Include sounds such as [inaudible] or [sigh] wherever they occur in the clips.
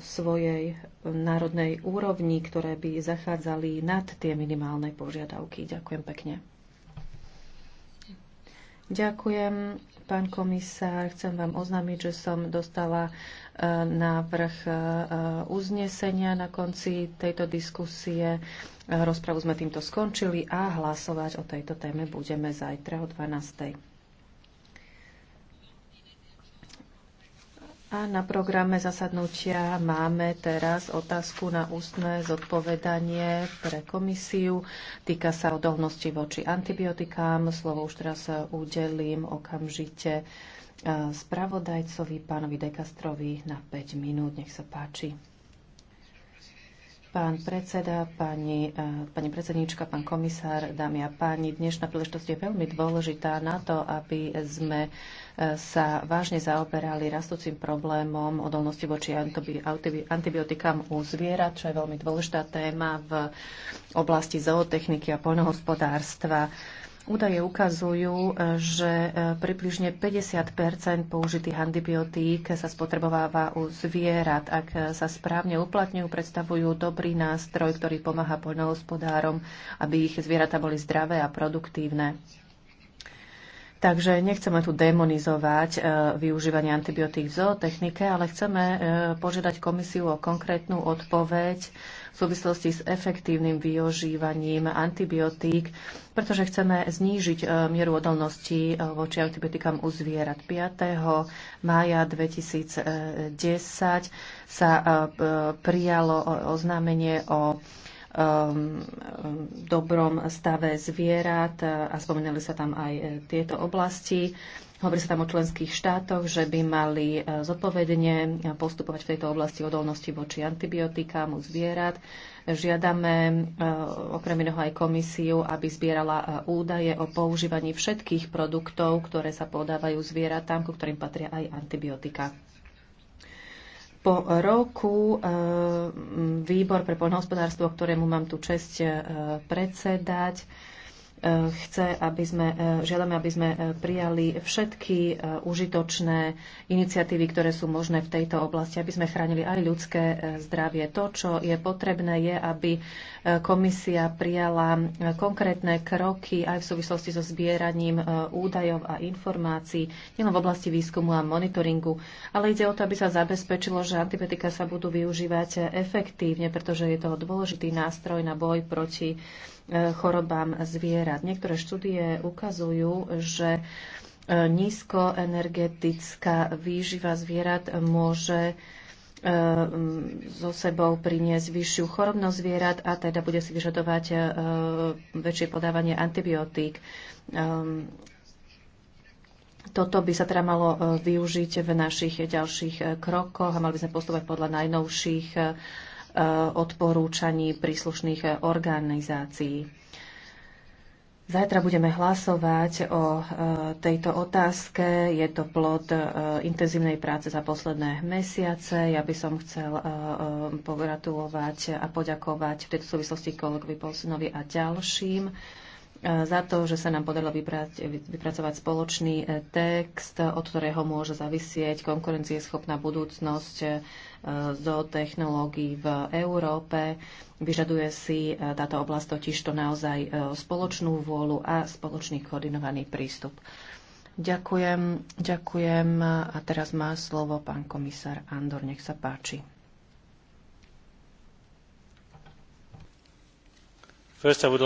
svojej národnej úrovni, ktoré by zachádzali nad tie minimálne požiadavky. Ďakujem pekne. Ďakujem, pán komisár. Chcem vám oznámiť, že som dostala e, návrh e, uznesenia na konci tejto diskusie. E, rozpravu sme týmto skončili a hlasovať o tejto téme budeme zajtra o 12. A na programe zasadnutia máme teraz otázku na ústne zodpovedanie pre komisiu. Týka sa odolnosti voči antibiotikám. Slovo už teraz udelím okamžite eh, spravodajcovi, pánovi Dekastrovi na 5 minút. Nech sa páči. Pán predseda, pani, eh, pani predsednička, pán komisár, dámy a páni, dnešná príležitosť je veľmi dôležitá na to, aby sme eh, sa vážne zaoberali rastúcim problémom odolnosti voči antibiotikám u zvierat, čo je veľmi dôležitá téma v oblasti zootechniky a poľnohospodárstva. Údaje ukazujú, e, že e, približne 50 použitých antibiotík sa spotrebováva u zvierat. Ak e, sa správne uplatňujú, predstavujú dobrý nástroj, ktorý pomáha poľnohospodárom, aby ich zvieratá boli zdravé a produktívne. Takže nechceme tu demonizovať využívanie antibiotík v zootechnike, ale chceme požiadať komisiu o konkrétnu odpoveď v súvislosti s efektívnym využívaním antibiotík, pretože chceme znížiť e, mieru odolnosti e, voči antibiotikám u zvierat. 5. mája 2010 sa e, prijalo oznámenie o um, dobrom stave zvierat a spomínali sa tam aj tieto oblasti. Hovorí sa tam o členských štátoch, že by mali e, zodpovedne e, postupovať v tejto oblasti odolnosti voči antibiotikám u zvierat. Žiadame e, okrem iného aj komisiu, aby zbierala údaje o používaní všetkých produktov, ktoré sa podávajú zvieratám, ku ktorým patria aj antibiotika. Po roku výbor pre poľnohospodárstvo, ktorému mám tu čest predsedať, E, chce, aby sme, e, žiadame, aby sme e, prijali všetky užitočné iniciatívy, ktoré sú možné v tejto oblasti, aby sme chránili aj ľudské zdravie. To, čo je potrebné, je, aby komisia prijala konkrétne kroky aj v súvislosti so zbieraním údajov a informácií, nielen v oblasti výskumu a monitoringu, ale ide o to, aby sa zabezpečilo, že antibiotika sa budú využívať efektívne, pretože je to dôležitý nástroj na boj proti chorobám zvierat. Niektoré štúdie ukazujú, že e, nízkoenergetická výživa zvierat môže so e, sebou priniesť vyššiu chorobnosť zvierat a teda bude si vyžadovať e, väčšie podávanie antibiotík. Ehm, toto by sa teda malo využiť v našich ďalších krokoch a mali by sme postupovať podľa najnovších Eh, odporúčaní príslušných eh, organizácií. Zajtra budeme hlasovať o eh, tejto otázke. Je to plod intenzívnej práce za posledné mesiace. Ja by som chcel pogratulovať a poďakovať v tejto súvislosti kolegovi Polsinovi a ďalším. E, za to, že sa nám podarilo vypracovať spoločný e, text, od ktorého môže zavisieť konkurencieschopná budúcnosť e, zo technológií v Európe. Vyžaduje si táto oblasť totiž to naozaj spoločnú vôľu a spoločný koordinovaný prístup. Ďakujem, ďakujem. A teraz má slovo pán komisár Andor, nech sa páči. Chcel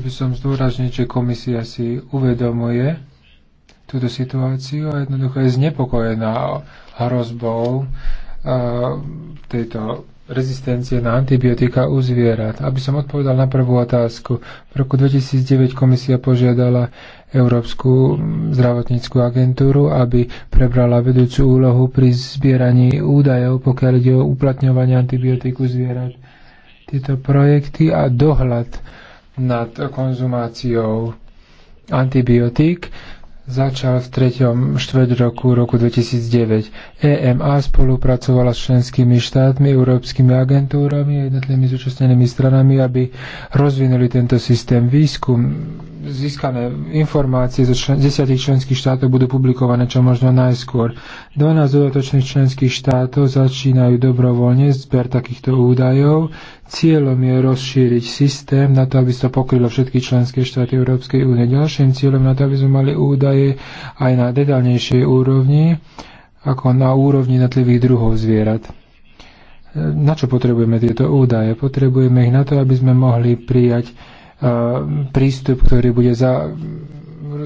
by som zdôrazniť, že komisia si uvedomuje túto situáciu a jednoducho je znepokojená hrozbou eh, tejto rezistencie na antibiotika u zvierat. Aby som odpovedal na prvú otázku, v roku 2009 komisia požiadala Európsku zdravotníckú agentúru, aby prebrala vedúcu úlohu pri zbieraní údajov, pokiaľ ide o uplatňovanie antibiotiku zvierat tieto projekty a dohľad nad konzumáciou antibiotík začal v 3. štveť roku, roku 2009. EMA spolupracovala s členskými štátmi, európskymi agentúrami a jednotlivými zúčastnenými stranami, aby rozvinuli tento systém výskum. Získané informácie zo člen- 10 členských štátov budú publikované čo možno najskôr. 12 dodatočných členských štátov začínajú dobrovoľne zber takýchto údajov. Cieľom je rozšíriť systém na to, aby sa pokrylo všetky členské štáty Európskej únie. Ďalším cieľom na to, aby sme mali údaj údaje aj na detaľnejšej úrovni, ako na úrovni jednotlivých druhov zvierat. Na čo potrebujeme tieto údaje? Potrebujeme ich na to, aby sme mohli prijať e, prístup, ktorý bude za,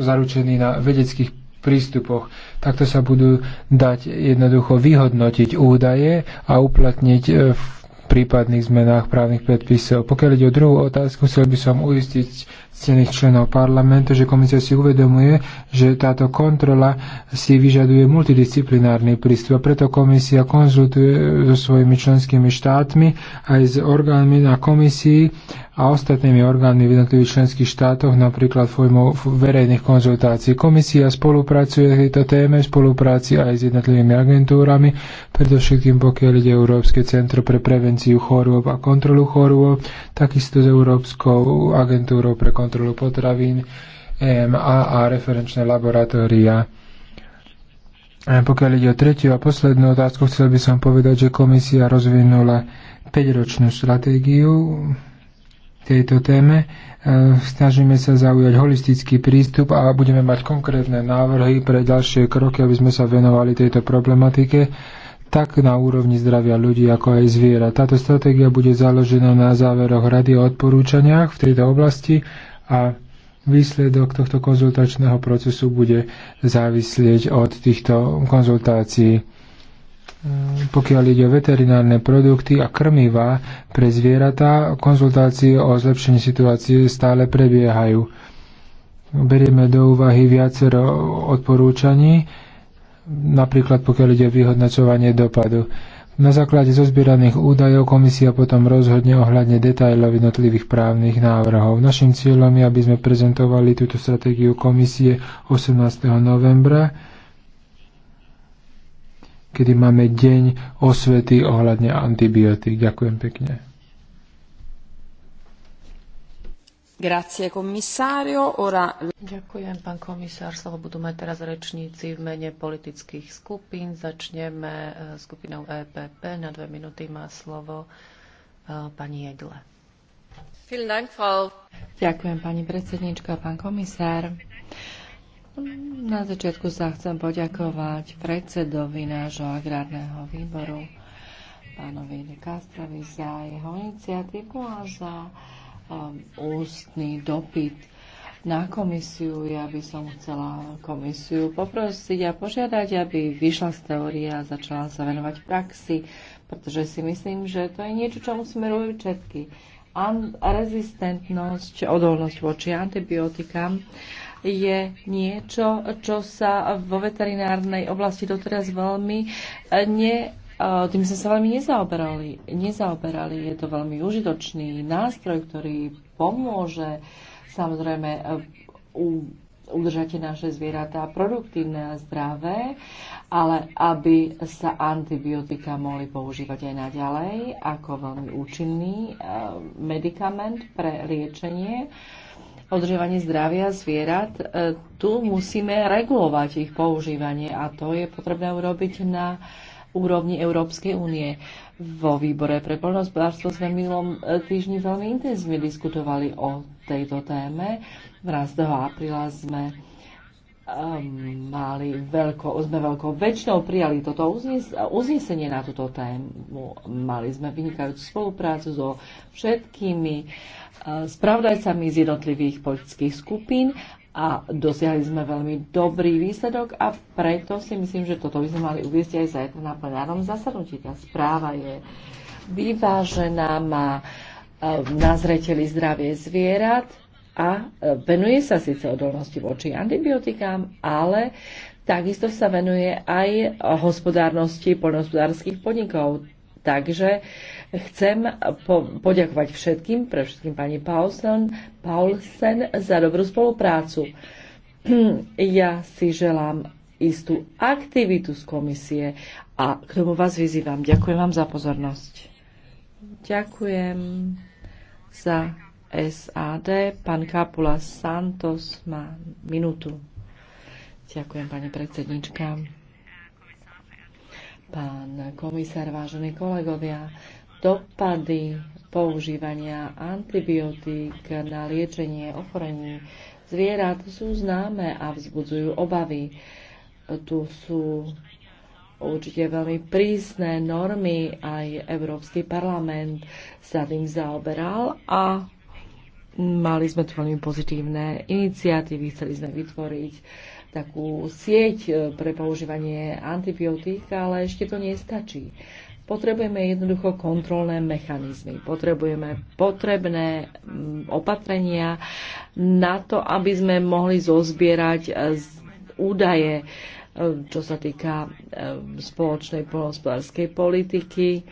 zaručený na vedeckých prístupoch. Takto sa budú dať jednoducho vyhodnotiť údaje a uplatniť e, v prípadných zmenách právnych predpisov. Pokiaľ ide o druhú otázku, chcel by som uistiť cených členov parlamentu, že komisia si uvedomuje, že táto kontrola si vyžaduje multidisciplinárny prístup a preto komisia konzultuje so svojimi členskými štátmi aj s orgánmi na komisii a ostatnými orgánmi v jednotlivých členských štátoch, napríklad formou verejných konzultácií. Komisia spolupracuje v tejto téme, spolupráci aj s jednotlivými agentúrami, predovšetkým pokiaľ ide Európske centro pre prevenciu chorôb a kontrolu chorôb, takisto s Európskou agentúrou pre kontrolu potravín, EMA a referenčné laboratória. E, pokiaľ ide o tretiu a poslednú otázku, chcel by som povedať, že komisia rozvinula 5-ročnú stratégiu tejto téme. E, snažíme sa zaujať holistický prístup a budeme mať konkrétne návrhy pre ďalšie kroky, aby sme sa venovali tejto problematike tak na úrovni zdravia ľudí, ako aj zviera. Táto stratégia bude založená na záveroch rady o odporúčaniach v tejto oblasti a výsledok tohto konzultačného procesu bude závislieť od týchto konzultácií. Ehm, pokiaľ ide o veterinárne produkty a krmivá pre zvieratá, konzultácie o zlepšení situácie stále prebiehajú. Berieme do úvahy viacero odporúčaní, napríklad pokiaľ ide o vyhodnocovanie dopadu. Na základe zozbieraných údajov komisia potom rozhodne ohľadne detajlov jednotlivých právnych návrhov. Našim cieľom je, aby sme prezentovali túto stratégiu komisie 18. novembra kedy máme deň osvety ohľadne antibiotík. Ďakujem pekne. Grazie, komisario. Ora... Ďakujem, pán komisár. Slovo budú mať teraz rečníci v mene politických skupín. Začneme eh, skupinou EPP. Na dve minúty má slovo eh, pani Jedle. Ďakujem, pani predsedníčka, pán komisár. Na začiatku sa chcem poďakovať predsedovi nášho agrárneho výboru, pánovi De za jeho iniciatívu a za um, ústny dopyt na komisiu. Ja by som chcela komisiu poprosiť a požiadať, aby vyšla z teórie a začala sa venovať praxi, pretože si myslím, že to je niečo, čo musíme robiť všetky. An- rezistentnosť, odolnosť voči antibiotikám je niečo, čo sa vo veterinárnej oblasti doteraz veľmi eh, ne eh, tým sme sa veľmi nezaoberali. nezaoberali. Je to veľmi užitočný nástroj, ktorý pomôže samozrejme eh, udržate naše zvieratá produktívne a zdravé, ale aby sa antibiotika mohli používať aj naďalej ako veľmi účinný medikament pre liečenie održovanie zdravia zvierat, e, tu musíme regulovať ich používanie a to je potrebné urobiť na úrovni Európskej únie. Vo výbore pre poľnohospodárstvo sme minulom e, týždni veľmi intenzívne diskutovali o tejto téme. 12. apríla sme mali veľko, sme veľkou väčšinou prijali toto uznesenie na túto tému. Mali sme vynikajúcu spoluprácu so všetkými eh, spravdajcami z jednotlivých politických skupín a dosiahli sme veľmi dobrý výsledok a preto si myslím, že toto by sme mali uviezť aj zajtra na plenárnom zasadnutí. Tá správa je vyvážená, má eh, na zreteli zdravie zvierat, a e, venuje sa síce odolnosti voči antibiotikám, ale takisto sa venuje aj hospodárnosti poľnohospodárských podnikov. Takže chcem po- poďakovať všetkým, pre všetkým pani Paulsen, Paulsen za dobrú spoluprácu. [clears throat] Ja si želám istú aktivitu z komisie a k tomu vás vyzývam. Ďakujem vám za pozornosť. Ďakujem za SAD. Pán Kapula Santos má minútu. Ďakujem, pani predsednička. Pán komisár, vážení kolegovia, dopady používania antibiotík na liečenie ochorení zvierat sú známe a vzbudzujú obavy. Tu sú určite veľmi prísne normy, aj Európsky parlament sa tým zaoberal a Mali sme tu veľmi pozitívne iniciatívy, chceli sme vytvoriť takú sieť e, pre používanie antibiotík, ale ešte to nestačí. Potrebujeme jednoducho kontrolné mechanizmy, potrebujeme potrebné mm, opatrenia na to, aby sme mohli zozbierať e, údaje, e, čo sa týka spoločnej polnospodárskej politiky,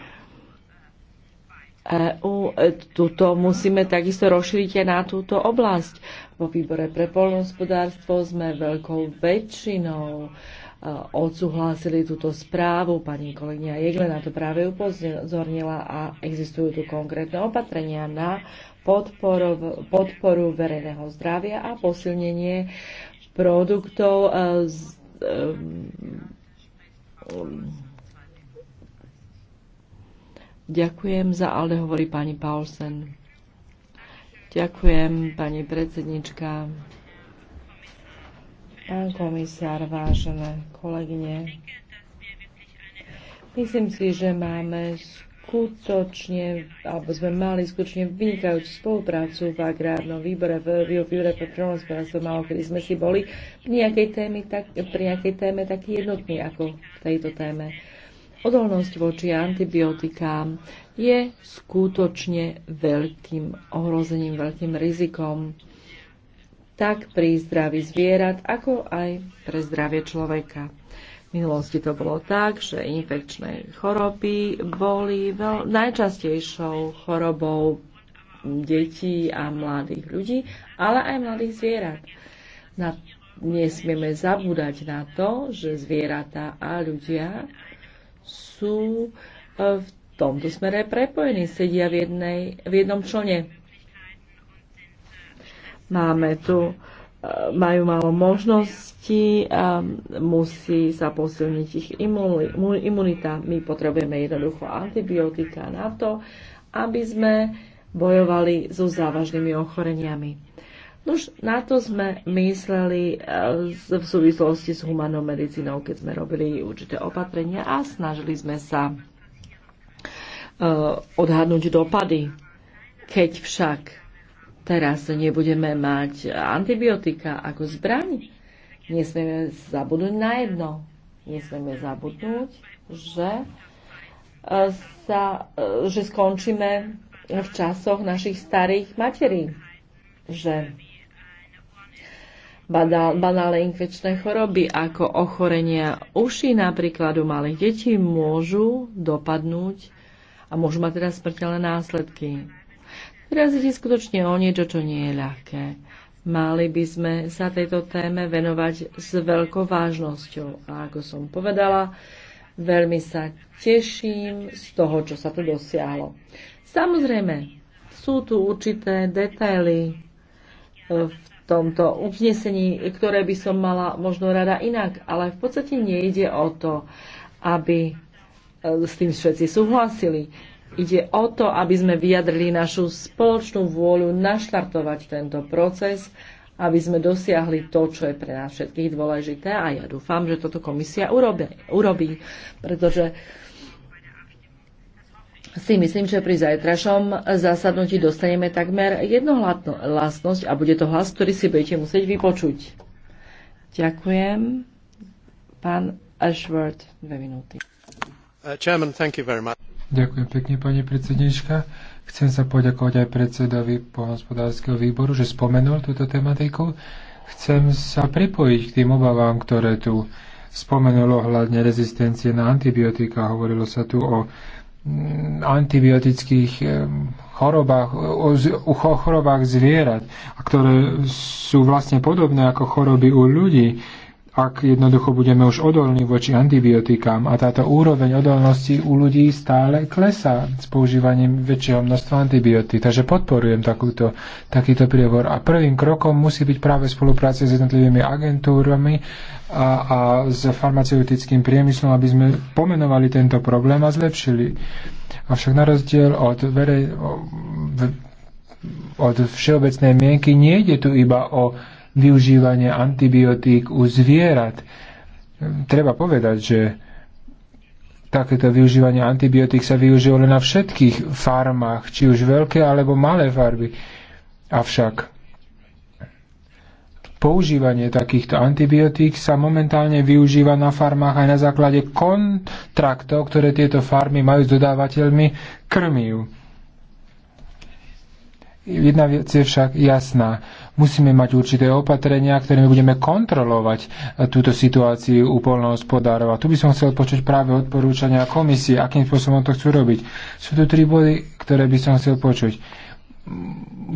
EÚ. E, tuto musíme takisto rozšíriť aj na túto oblasť. Vo výbore pre poľnohospodárstvo sme veľkou väčšinou e, odsúhlasili túto správu. Pani kolegyňa Jegle na to práve upozornila a existujú tu konkrétne opatrenia na podporu, podporu verejného zdravia a posilnenie produktov e, z, um, um, Ďakujem za ale, hovorí pani Paulsen. Ďakujem, pani predsednička. Pán komisár, vážené kolegyne, myslím si, že máme skutočne, alebo sme mali skutočne vynikajúcu spoluprácu v agrárnom výbore, v výbore pre prvnospodárstvo, malo kedy sme si boli pri nejakej, téme, tak, pri nejakej téme taký jednotný ako v tejto téme odolnosť voči antibiotikám je skutočne veľkým ohrozením, veľkým rizikom tak pri zdraví zvierat, ako aj pre zdravie človeka. V minulosti to bolo tak, že infekčné choroby boli veľ- najčastejšou chorobou detí a mladých ľudí, ale aj mladých zvierat. Na, nesmieme zabúdať na to, že zvieratá a ľudia sú e, v tomto smere prepojení, sedia v, jednej, v jednom člne. Máme tu, e, majú málo možností, musí sa posilniť ich imunita. My potrebujeme jednoducho antibiotika na to, aby sme bojovali so závažnými ochoreniami. Nož na to sme mysleli e, v súvislosti s humanou medicínou, keď sme robili určité opatrenia a snažili sme sa e, odhadnúť dopady. Keď však teraz nebudeme mať antibiotika ako zbraň, nesmieme zabudnúť na jedno. Nesmieme zabudnúť, že, e, sa, že skončíme v časoch našich starých materí. Že banálne infekčné choroby ako ochorenia uší napríklad u malých detí môžu dopadnúť a môžu mať teda smrteľné následky. Teraz ide skutočne o niečo, čo nie je ľahké. Mali by sme sa tejto téme venovať s veľkou vážnosťou. A ako som povedala, veľmi sa teším z toho, čo sa tu dosiahlo. Samozrejme, sú tu určité detaily e, v tomto uznesení, ktoré by som mala možno rada inak, ale v podstate nejde o to, aby e, s tým všetci súhlasili. Ide o to, aby sme vyjadrili našu spoločnú vôľu naštartovať tento proces, aby sme dosiahli to, čo je pre nás všetkých dôležité a ja dúfam, že toto komisia urobí, urobí pretože si myslím, že pri zajtrašom zasadnutí dostaneme takmer jednohlasnosť a bude to hlas, ktorý si budete musieť vypočuť. Ďakujem. Pán Ashworth, dve minúty. Uh, chairman, thank you very much. Ďakujem pekne, pani predsednička. Chcem sa poďakovať aj predsedovi pohospodárskeho výboru, že spomenul túto tematiku. Chcem sa pripojiť k tým obavám, ktoré tu spomenulo hľadne rezistencie na antibiotika. Hovorilo sa tu o Mm, antibiotických eh, chorobách, o chorobách zvierat, ktoré sú vlastne podobné ako choroby u ľudí ak jednoducho budeme už odolní voči antibiotikám a táto úroveň odolnosti u ľudí stále klesá s používaním väčšieho množstva antibiotík. Takže podporujem takúto, takýto prievor. A prvým krokom musí byť práve spolupráca s jednotlivými agentúrami a, a s farmaceutickým priemyslom, aby sme pomenovali tento problém a zlepšili. Avšak na rozdiel od verej, od všeobecnej mienky nejde tu iba o využívanie antibiotík u zvierat. Treba povedať, že takéto využívanie antibiotík sa využilo na všetkých farmách, či už veľké alebo malé farby. Avšak používanie takýchto antibiotík sa momentálne využíva na farmách aj na základe kontraktov, ktoré tieto farmy majú s dodávateľmi krmiu Jedna vec je však jasná. Musíme mať určité opatrenia, ktorými budeme kontrolovať e, túto situáciu u polnohospodárov. A tu by som chcel počuť práve odporúčania komisie, akým spôsobom to chcú robiť. Sú tu tri body, ktoré by som chcel počuť.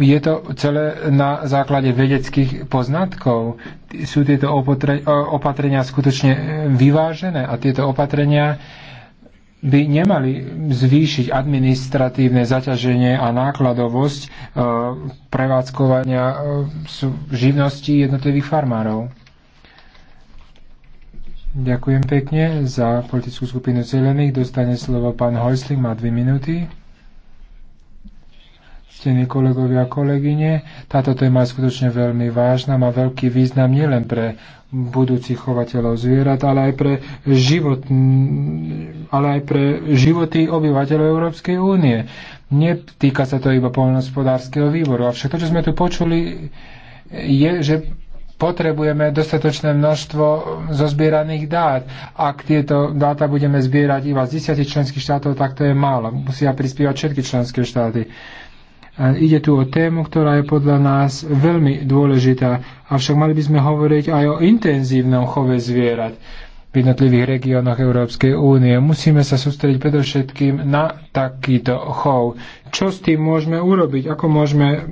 Je to celé na základe vedeckých poznatkov. Sú tieto e, opatrenia skutočne vyvážené a tieto opatrenia by nemali zvýšiť administratívne zaťaženie a nákladovosť e, prevádzkovania e, živností jednotlivých farmárov. Ďakujem pekne za politickú skupinu zelených. Dostane slovo pán Hojsling, má dve minúty ctení kolegovia a kolegyne. Táto téma je skutočne veľmi vážna, má veľký význam nielen pre budúcich chovateľov zvierat, ale aj pre, život, ale aj pre životy obyvateľov Európskej únie. Netýka sa to iba poľnohospodárskeho výboru. A všetko, čo sme tu počuli, je, že potrebujeme dostatočné množstvo zozbieraných dát. Ak tieto dáta budeme zbierať iba z 10 členských štátov, tak to je málo. Musia prispievať všetky členské štáty. Ide tu o tému, ktorá je podľa nás veľmi dôležitá, avšak mali by sme hovoriť aj o intenzívnom chove zvierat v jednotlivých regiónoch Európskej únie. Musíme sa sústrediť predovšetkým na takýto chov. Čo s tým môžeme urobiť? Ako môžeme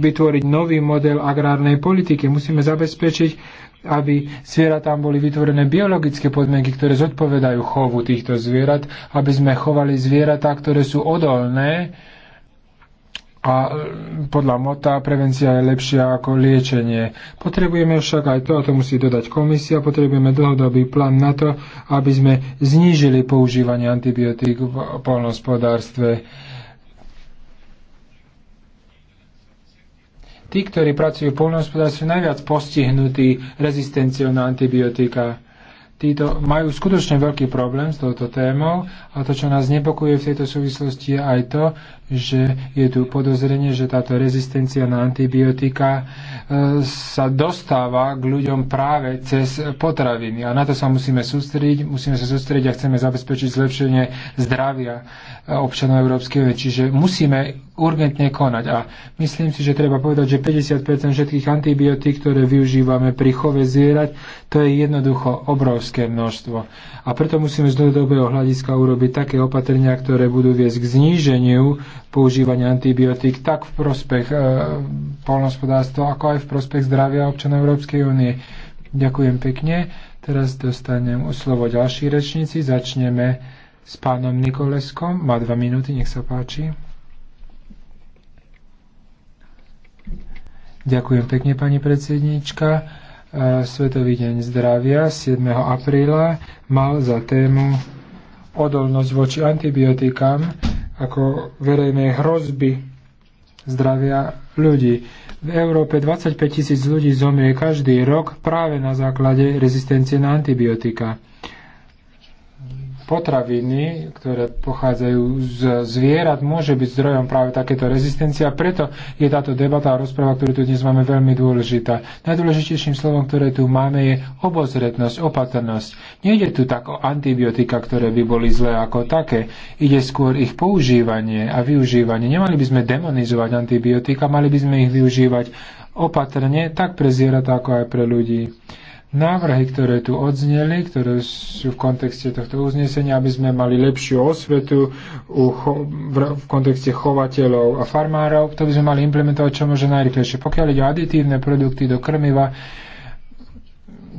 vytvoriť nový model agrárnej politiky? Musíme zabezpečiť, aby tam boli vytvorené biologické podmienky, ktoré zodpovedajú chovu týchto zvierat, aby sme chovali zvieratá, ktoré sú odolné a e, podľa Mota prevencia je lepšia ako liečenie. Potrebujeme však aj to, a to musí dodať komisia, potrebujeme dlhodobý plán na to, aby sme znížili používanie antibiotík v polnospodárstve. Tí, ktorí pracujú v sú najviac postihnutí rezistenciou na antibiotika títo majú skutočne veľký problém s touto témou a to, čo nás nepokuje v tejto súvislosti, je aj to, že je tu podozrenie, že táto rezistencia na antibiotika e, sa dostáva k ľuďom práve cez potraviny. A na to sa musíme sústrediť. Musíme sa sústrediť a chceme zabezpečiť zlepšenie zdravia e, občanov Európskej únie. Čiže musíme urgentne konať. A myslím si, že treba povedať, že 50% všetkých antibiotík, ktoré využívame pri chove zvierať, to je jednoducho obrovské množstvo. A preto musíme z dlhodobého hľadiska urobiť také opatrenia, ktoré budú viesť k zníženiu používania antibiotík tak v prospech e, polnospodárstva, ako aj v prospech zdravia občanov Európskej únie. Ďakujem pekne. Teraz dostanem slovo ďalší rečníci. Začneme s pánom Nikoleskom. Má dva minúty, nech sa páči. Ďakujem pekne, pani predsedníčka. E, Svetový deň zdravia 7. apríla mal za tému odolnosť voči antibiotikám ako verejnej hrozby zdravia ľudí. V Európe 25 tisíc ľudí zomrie každý rok práve na základe rezistencie na antibiotika potraviny, ktoré pochádzajú z zvierat, môže byť zdrojom práve takéto rezistencie a preto je táto debata a rozpráva, ktorú tu dnes máme, veľmi dôležitá. Najdôležitejším slovom, ktoré tu máme, je obozretnosť, opatrnosť. Nejde tu tak o antibiotika, ktoré by boli zlé ako také. Ide skôr ich používanie a využívanie. Nemali by sme demonizovať antibiotika, mali by sme ich využívať opatrne, tak pre zvieratá, ako aj pre ľudí návrhy, ktoré tu odzneli, ktoré sú v kontexte tohto uznesenia, aby sme mali lepšiu osvetu u cho- v, v kontexte chovateľov a farmárov, to by sme mali implementovať čo možno najrychlejšie. Pokiaľ ide o aditívne produkty do krmiva,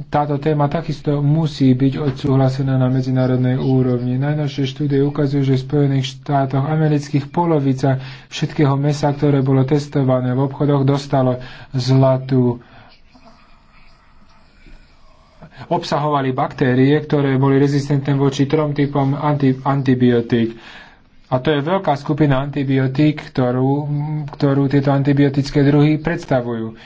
táto téma takisto musí byť odsúhlasená na medzinárodnej úrovni. Najnovšie štúdie ukazujú, že v Spojených štátoch amerických polovica všetkého mesa, ktoré bolo testované v obchodoch, dostalo zlatú obsahovali baktérie, ktoré boli rezistentné voči trom typom anti, antibiotík. A to je veľká skupina antibiotík, ktorú, ktorú tieto antibiotické druhy predstavujú.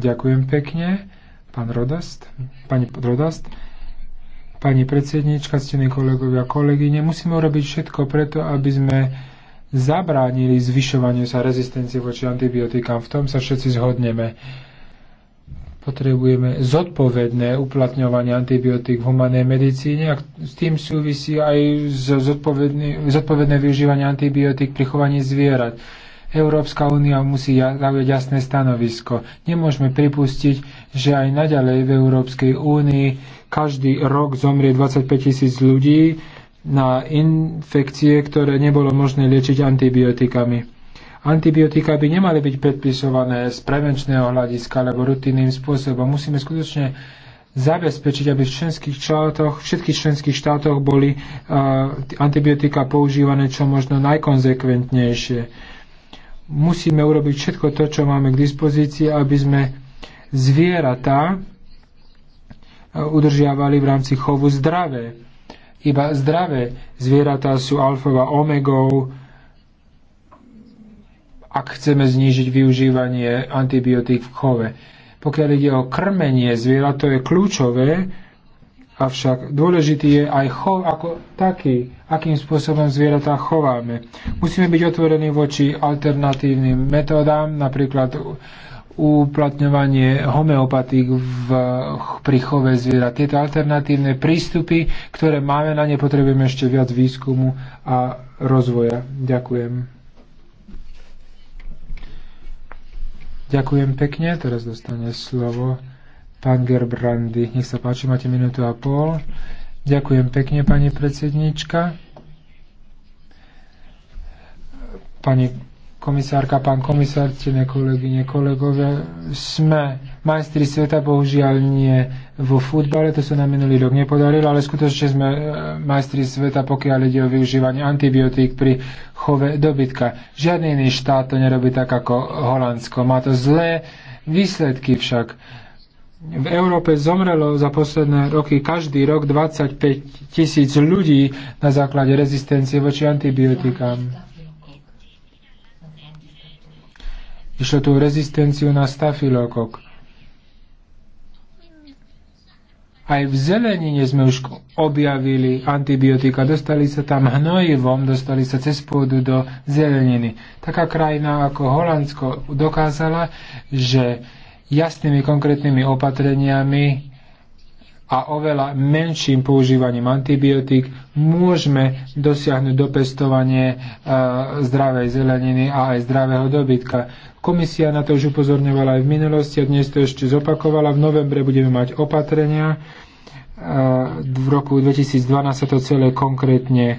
Ďakujem pekne, pán Rodast, pani Rodast. Pani predsednička, ctení kolegovia, kolegyne, musíme urobiť všetko preto, aby sme zabránili zvyšovaniu sa rezistencie voči antibiotikám. V tom sa všetci zhodneme. Potrebujeme zodpovedné uplatňovanie antibiotík v humanej medicíne a s tým súvisí aj zodpovedné využívanie antibiotík pri chovaní zvierat. Európska únia musí zaujať jasné stanovisko. Nemôžeme pripustiť, že aj naďalej v Európskej únii každý rok zomrie 25 tisíc ľudí na infekcie, ktoré nebolo možné liečiť antibiotikami. Antibiotika by nemali byť predpisované z prevenčného hľadiska alebo rutinným spôsobom. Musíme skutočne zabezpečiť, aby v členských štátoch, všetkých členských štátoch boli uh, antibiotika používané čo možno najkonzekventnejšie. Musíme urobiť všetko to, čo máme k dispozícii, aby sme zvieratá udržiavali v rámci chovu zdravé iba zdravé zvieratá sú alfou a omegou, ak chceme znížiť využívanie antibiotík v chove. Pokiaľ ide o krmenie zvierat, to je kľúčové, avšak dôležitý je aj chov ako taký, akým spôsobom zvieratá chováme. Musíme byť otvorení voči alternatívnym metódám, napríklad uplatňovanie homeopatík v, pri chove zvierat. Tieto alternatívne prístupy, ktoré máme, na ne potrebujeme ešte viac výskumu a rozvoja. Ďakujem. Ďakujem pekne. Teraz dostane slovo pán Gerbrandy. Nech sa páči, máte minútu a pol. Ďakujem pekne, pani predsednička. Pani komisárka, pán komisár, ctené kolegyne, kolegovia, sme majstri sveta, bohužiaľ nie vo futbale, to sa nám minulý rok nepodarilo, ale skutočne sme e, majstri sveta, pokiaľ ide o využívanie antibiotík pri chove dobytka. Žiadny iný štát to nerobí tak ako Holandsko. Má to zlé výsledky však. V Európe zomrelo za posledné roky každý rok 25 tisíc ľudí na základe rezistencie voči antibiotikám. Išlo tu rezistenciu na stafilokok. Aj v zelenine sme už objavili antibiotika. Dostali sa tam hnojivom, dostali sa cez pôdu do zeleniny. Taká krajina ako Holandsko dokázala, že jasnými konkrétnymi opatreniami a oveľa menším používaním antibiotík môžeme dosiahnuť dopestovanie e, zdravej zeleniny a aj zdravého dobytka. Komisia na to už upozorňovala aj v minulosti a dnes to ešte zopakovala. V novembre budeme mať opatrenia. E, v roku 2012 sa to celé konkrétne e,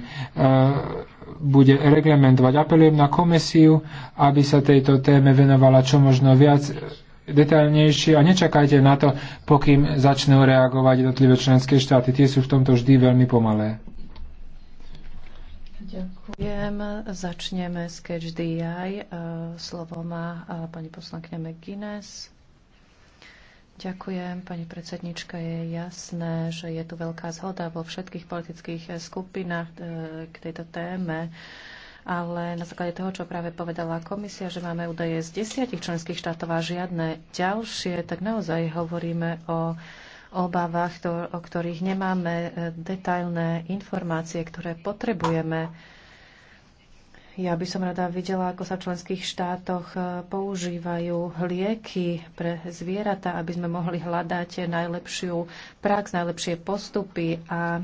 bude reglementovať. Apelujem na komisiu, aby sa tejto téme venovala čo možno viac detailnejšie a nečakajte na to, pokým začnú reagovať jednotlivé členské štáty. Tie sú v tomto vždy veľmi pomalé. Ďakujem. Začneme s Catch DI. E, slovo má e, pani poslankyňa McGuinness. Ďakujem, pani predsednička. Je jasné, že je tu veľká zhoda vo všetkých politických skupinách e, k tejto téme ale na základe toho, čo práve povedala komisia, že máme údaje z desiatich členských štátov a žiadne ďalšie, tak naozaj hovoríme o obavách, o ktorých nemáme e, detailné informácie, ktoré potrebujeme ja by som rada videla, ako sa v členských štátoch e, používajú lieky pre zvieratá, aby sme mohli hľadať najlepšiu prax, najlepšie postupy a e,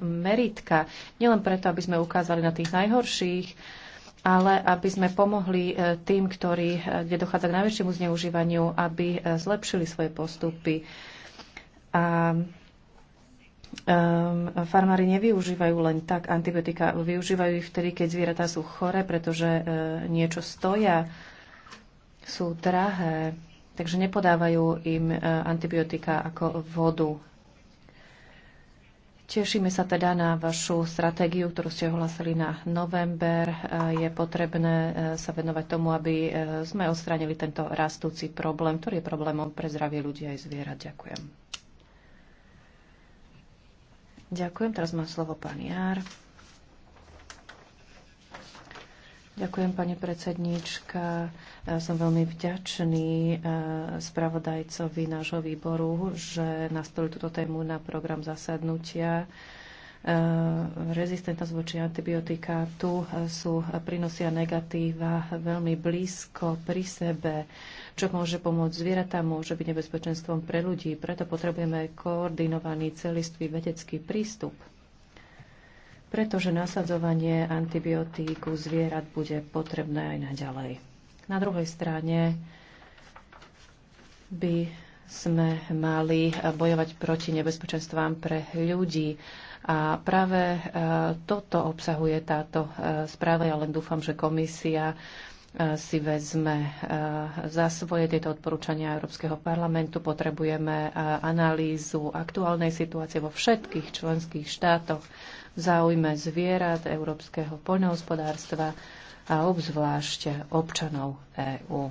meritka. Nielen preto, aby sme ukázali na tých najhorších, ale aby sme pomohli e, tým, ktorí, kde dochádza k najväčšiemu zneužívaniu, aby zlepšili svoje postupy. A Um, farmári nevyužívajú len tak antibiotika, využívajú ich vtedy, keď zvieratá sú chore, pretože uh, niečo stoja, sú drahé, takže nepodávajú im uh, antibiotika ako vodu. Tešíme sa teda na vašu stratégiu, ktorú ste ohlásili na november. Uh, je potrebné uh, sa venovať tomu, aby uh, sme odstránili tento rastúci problém, ktorý je problémom pre zdravie ľudí aj zvierat. Ďakujem. Ďakujem. Teraz má slovo pán Jár. Ďakujem, pani predsednička. Ja som veľmi vďačný eh, spravodajcovi nášho výboru, že nastolil túto tému na program zasadnutia Eh, rezistentnosť voči antibiotika. Tu eh, sú eh, prinosia negatíva veľmi blízko pri sebe, čo môže pomôcť zvieratám, môže byť nebezpečenstvom pre ľudí. Preto potrebujeme koordinovaný celistvý vedecký prístup pretože nasadzovanie antibiotíku zvierat bude potrebné aj naďalej. Na druhej strane by sme mali eh, bojovať proti nebezpečenstvám pre ľudí. A práve eh, toto obsahuje táto eh, správa. Ja len dúfam, že komisia si vezme za svoje tieto odporúčania Európskeho parlamentu. Potrebujeme analýzu aktuálnej situácie vo všetkých členských štátoch v záujme zvierat, európskeho poľnohospodárstva a obzvlášť občanov EÚ.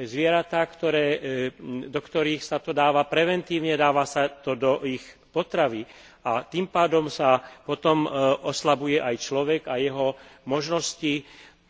zvieratá e, do ktorých sa to dáva preventívne dáva sa to do ich potravy a tým pádom sa potom e, oslabuje aj človek a jeho možnosti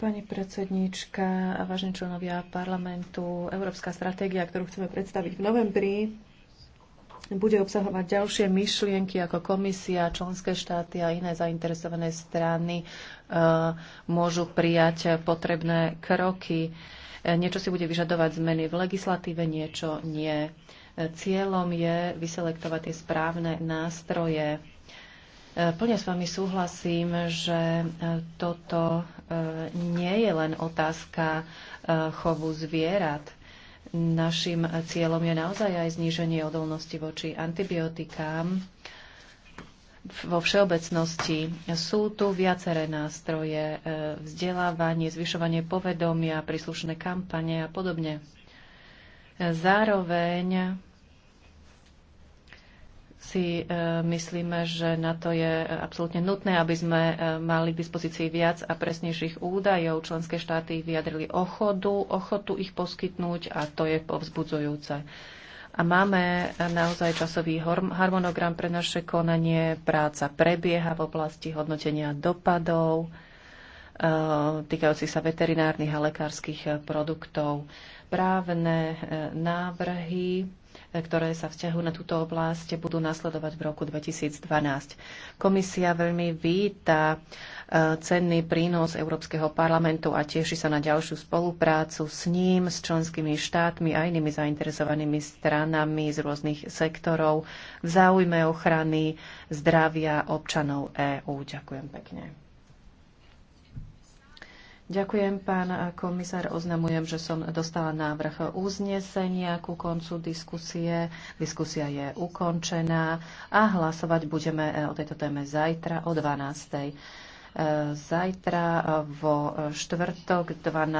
Pani predsedníčka a vážení členovia parlamentu, Európska stratégia, ktorú chceme predstaviť v novembri, bude obsahovať ďalšie myšlienky, ako komisia, členské štáty a iné zainteresované strany e, môžu prijať potrebné kroky. E, niečo si bude vyžadovať zmeny v legislatíve, niečo nie. E, cieľom je vyselektovať tie správne nástroje E, plne s vami súhlasím, že e, toto e, nie je len otázka chovu zvierat. Našim cieľom je naozaj aj zníženie odolnosti voči antibiotikám. Vo všeobecnosti sú tu viaceré nástroje, vzdelávanie, zvyšovanie povedomia, príslušné kampane a podobne. Zároveň si e, myslíme, že na to je absolútne nutné, aby sme e, mali k dispozícii viac a presnejších údajov. Členské štáty vyjadrili ochodu, ochotu ich poskytnúť a to je povzbudzujúce. A máme e, naozaj časový harmonogram pre naše konanie. Práca prebieha v oblasti hodnotenia dopadov týkajúcich sa veterinárnych a lekárskych produktov. Právne návrhy ktoré sa vzťahujú na túto oblasť, budú nasledovať v roku 2012. Komisia veľmi víta e, cenný prínos Európskeho parlamentu a teší sa na ďalšiu spoluprácu s ním, s členskými štátmi a inými zainteresovanými stranami z rôznych sektorov v záujme ochrany zdravia občanov EÚ. Ďakujem pekne. Ďakujem, pán komisár. Oznamujem, že som dostala návrh uznesenia ku koncu diskusie. Diskusia je ukončená a hlasovať budeme eh, o tejto téme zajtra o 12. Eh, zajtra vo štvrtok 12.